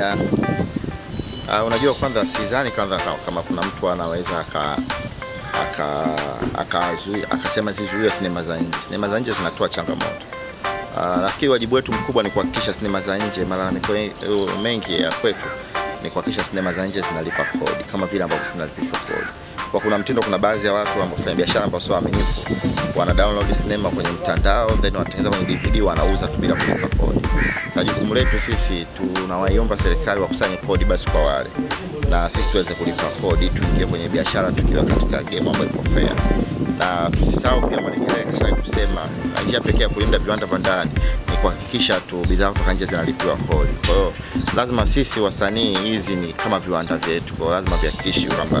ya uh, unajua kwanza sidhani kwanza kama kuna mtu anaweza aka akasema aka, aka zizuia sinema za nje. Sinema za nje zinatoa changamoto. Uh, ah, nafikiri wajibu wetu mkubwa ni kuhakikisha sinema za nje, malalamiko eh, mengi ya kwetu ni kuhakikisha sinema za nje zinalipa kodi kama vile ambavyo zinalipishwa kodi kwa kuna mtindo, kuna baadhi ya watu wafanya biashara ambao sio waaminifu wana download sinema kwenye mtandao then wanatengeneza kwenye DVD wanauza tu bila kulipa kodi. Sasa jukumu letu sisi tunawaiomba serikali wakusanye kodi basi kwa wale na sisi tuweze kulipa kodi, tuingie kwenye biashara tukiwa katika game ambayo ipo fair, na tusisahau pia Mwalimu Nyerere kusema njia pekee ya kulinda viwanda vya ndani kuhakikisha tu bidhaa kutoka nje zinalipiwa kodi. Kwa hiyo lazima sisi wasanii, hizi ni kama viwanda vyetu, kwa hiyo lazima vihakikishi kwamba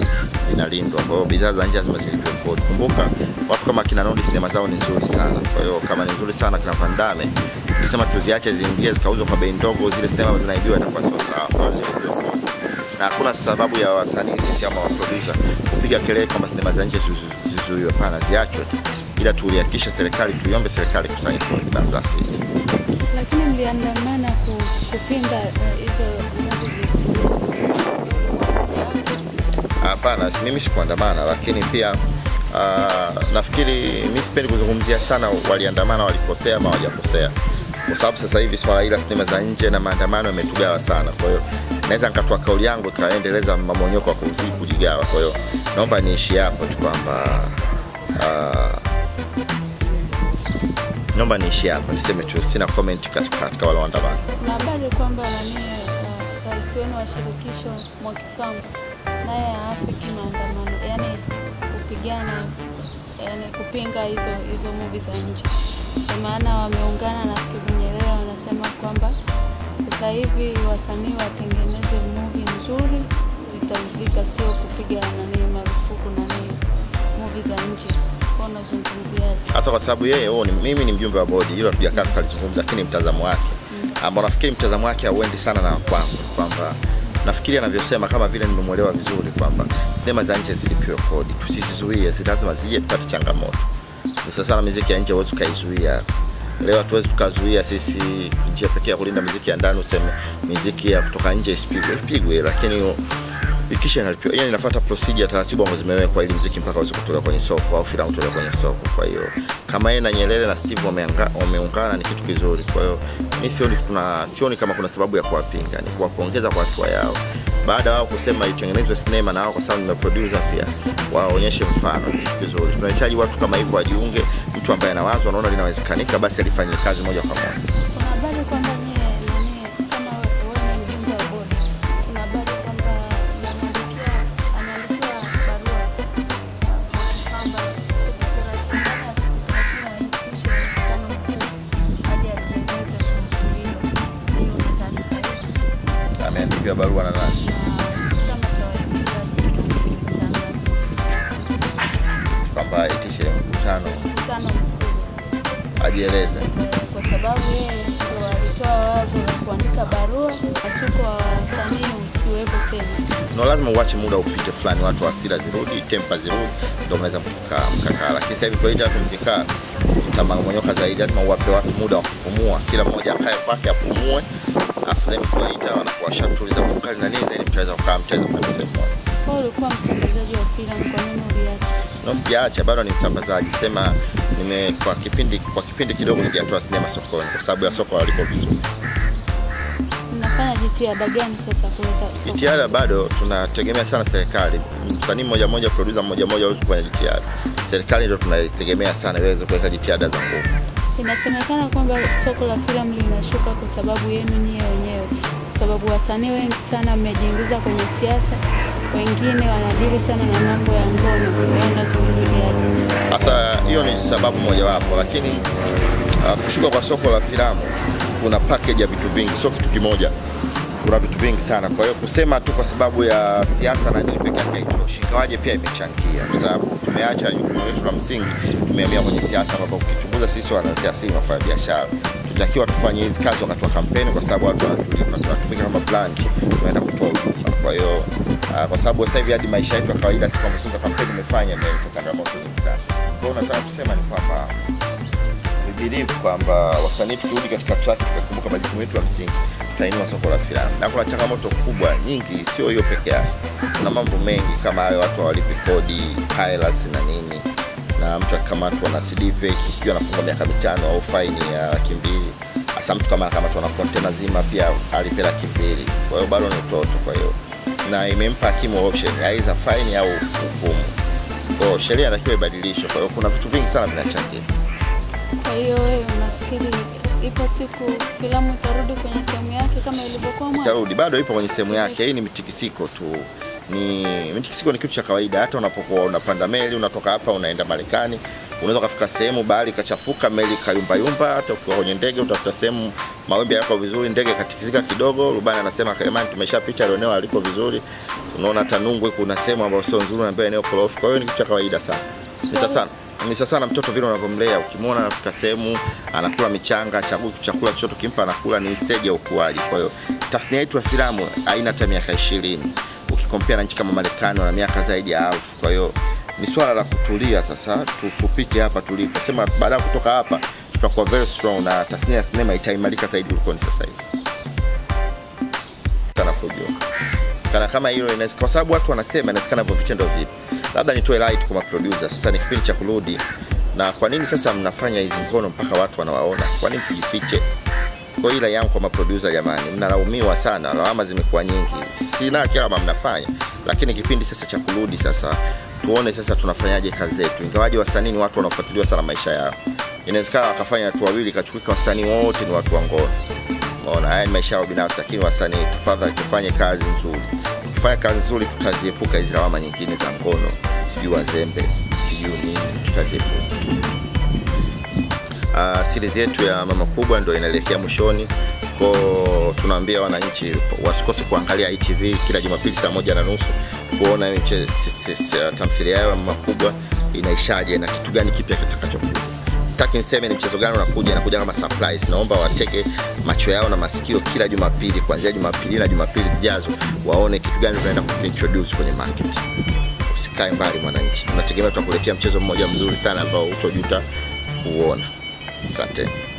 vinalindwa. Kwa hiyo bidhaa za nje lazima zilipiwe kodi. Kumbuka watu kama kina Nondi sinema zao ni nzuri sana, kwa hiyo kama ni nzuri sana kina Vandame, ukisema tuziache ziingie zikauzwa kwa bei ndogo, zile sinema zinaibiwa itakuwa sio sawa na hakuna sababu ya wasanii sisi ama waproducer kupiga kelele kwamba sinema za nje zizuiwe. Hapana, ziachwe tu ila tulihakikisha serikali, tuiombe serikali kusanya kwenye kibanzi za sita. Lakini mliandamana kupinga eh, hizo hapana? Mimi sikuandamana, lakini pia uh, nafikiri mimi sipendi kuzungumzia sana waliandamana walikosea ama hawajakosea, kwa sababu sasa hivi swala ila sinema za nje na maandamano yametugawa sana. Kwa hiyo naweza nikatoa kauli yangu ikaendeleza mamonyoko wa kuziku kujigawa. Kwa hiyo naomba niishi hapo tu kwamba uh, Naomba niishi hapa, niseme tu, sina comment katika, katika wale waandamano. Na habari kwamba nani eh, rais wenu wa shirikisho Mwakifangu naye haafiki maandamano, yani kupigana, yani kupinga hizo hizo movie za nje, kwa maana wameungana na Steve Nyerere, wanasema kwamba sasa hivi wasanii watengeneze movie nzuri zitauzika, sio kupiga nani Hasa kwa sababu yeye oh, mimi ni mjumbe wa bodi, hilo hatujakaa tukalizungumza, lakini mtazamo wake mm. ambao nafikiri mtazamo wake hauendi sana na kwangu kwamba nafikiri anavyosema kama vile nimemwelewa vizuri kwamba sinema za nje zilipiwa kodi, tusizizuie, lazima zije, tupate changamoto. Sasa sana miziki ya nje huwezi ukaizuia leo hatuwezi tukazuia sisi njia pekee ya kulinda miziki ya ndani useme miziki ya kutoka nje isipigwe ipigwe lakini kisha inalipiwa, yani inafuata procedure taratibu ambazo zimewekwa ili muziki mpaka uweze kutolewa kwenye soko au filamu tolewa kwenye soko. Kwa hiyo kama yeye na Nyerere na Steve wameungana ni kitu kizuri. Kwa hiyo mi sioni tuna sioni kama kuna sababu ya kuwapinga, ni kuwapongeza kwa hatua yao. Baada wao kusema itengenezwe sinema na wao kwa sababu ni producer pia waonyeshe mfano vizuri. Tunahitaji watu kama hivyo wajiunge, mtu ambaye anawazo anaona linawezekanika, basi alifanyie kazi moja kwa moja. kupiga barua na nani? Kwamba itishe mkutano ajieleze, kwa sababu yeye alitoa wazo la kuandika barua asuko wasanii usiwepo tena. No, lazima uache muda upite fulani, watu hasira zirudi, tempa zirudi, ndio mnaweza mkakaa. Lakini sasa hivi kwa hiyo watu mkikaa mtamangonyoka zaidi, lazima uwape watu muda wa kupumua, kila mmoja akae kwake apumue, afu then kuwaita wanakuwa shatuli za mkali na nini, then mtaweza kukaa mchezo kabisa. No, sijaacha bado ni msambazaji, sema nime kwa kipindi kwa kipindi kidogo sijatoa sinema sokoni kwa sababu ya soko waliko vizuri. jitihada bado tunategemea sana serikali, msanii mmoja mmoja, producer mmoja mmoja hawezi jitihada. Serikali ndio tunaitegemea sana iweze kuweka jitihada za nguvu. Inasemekana kwamba soko la filamu linashuka kwa sababu yenu nyie wenyewe, kwa sababu wasanii wengi sana mmejiingiza kwenye siasa, wengine wanadili sana na mambo ya ngono. Wewe unazungumziaje? Sasa hiyo ni sababu mojawapo, lakini uh, kushuka kwa soko la filamu kuna package ya vitu vingi, sio kitu kimoja kuna vitu vingi sana. Kwa hiyo kusema tu kwa sababu ya siasa na nini peke yake haitoshi, ingawaje pia imechangia, kwa sababu tumeacha jukumu letu la msingi, tumeamia kwenye siasa, ambapo ukichunguza sisi wanasiasa ni biashara, tunatakiwa tufanye hizi kazi wakati wa kampeni, kwa sababu watu wanatumika kama brand, tunaenda kutoa huduma. Kwa hiyo ah, kwa sababu sasa hivi hadi maisha yetu ya kawaida, si kwamba kampeni imefanya, ni changamoto nyingi sana. Kwa hiyo unataka kusema ni kwamba believe kwamba wasanii tukirudi katika track tukakumbuka majukumu yetu ya msingi tutainua soko la filamu, na kuna changamoto kubwa nyingi, sio hiyo peke yake. Kuna mambo mengi kama hayo, watu hawalipi kodi, pilots na nini, na mtu akikamatwa na CD fake ikiwa anafungwa miaka mitano au faini ya laki mbili hasa mtu kama anakamatwa na kontena zima pia alipe laki mbili. Kwa hiyo bado ni utoto, kwa hiyo na imempa hakimu option aidha faini au hukumu. Kwa hiyo sheria inatakiwa ibadilishwe. Kwa hiyo kuna vitu vingi sana vinachangia. Kwa hiyo unafikiri ipo siku filamu itarudi kwenye sehemu yake kama ilivyokuwa mwanzo? Itarudi, bado ipo kwenye sehemu yake. Hii ni mitikisiko tu, ni mitikisiko, ni kitu cha kawaida. Hata unapokuwa unapanda meli, unatoka hapa unaenda Marekani, unaweza ukafika sehemu bahari ikachafuka, meli ikayumbayumba. Hata ukiwa kwenye ndege utafuta sehemu mawimbi yako vizuri, ndege katikisika kidogo, rubani anasema kama tumeshapita eneo aliko vizuri. Unaona hata kuna sehemu ambayo sio nzuri, unaambiwa eneo korofi. Kwa hiyo ni kitu cha kawaida sana, ni sana ni sasa na mtoto vile unavyomlea, ukimwona anafika sehemu anakula michanga, chagua chakula chochote kimpa anakula, ni stage ya ukuaji. Kwa hiyo tasnia yetu ya filamu haina hata miaka 20 ukikompea na nchi kama Marekani na miaka zaidi ya elfu. Kwa hiyo ni swala la kutulia sasa, tupite hapa tulipo, sema baada ya kutoka hapa tutakuwa very strong na tasnia ya sinema itaimarika zaidi kuliko ni sasa hivi. Sana kujua kana kama hilo, inaweza, kwa sababu watu wanasema inawezekana vyo vitendo vipi labda nitoe light kwa maproducer, sasa ni kipindi cha kurudi. Na kwa nini sasa mnafanya hizi ngono mpaka watu wanawaona? Kwa nini sijifiche? Kwa ila yangu kwa maproducer, jamani, mnalaumiwa sana, lawama zimekuwa nyingi. Sina kama mnafanya, lakini kipindi sasa cha kurudi sasa tuone sasa tunafanyaje kazi zetu, ingawaje wasanii ni watu wanaofuatiliwa sana maisha yao. Inawezekana wakafanya watu wawili kachukika wasanii wote ni watu wa ngono. Umeona, haya ni maisha yao binafsi, lakini wasanii, tafadhali tufanye kazi nzuri tukifanya kazi nzuri tutaziepuka hizi lawama nyingine za ngono, sijui wazembe, sijui nini, tutaziepuka. Uh, ah, siri yetu ya mama kubwa ndio inaelekea mwishoni kwao. Tunaambia wananchi wasikose kuangalia ITV kila Jumapili saa moja na nusu kuona tamthilia yao ya mama kubwa inaishaje na kitu gani kipya kitakachokuja sitaki niseme ni mchezo gani unakuja, inakuja kama surprise. Naomba wateke macho yao na masikio kila Jumapili, kuanzia Jumapili na Jumapili zijazo, waone kitu gani tunaenda kuintroduce kwenye market. Usikae mbali mwananchi, tunategemea tutakuletea mchezo mmoja mzuri sana ambao hutojuta kuona. Asanteni.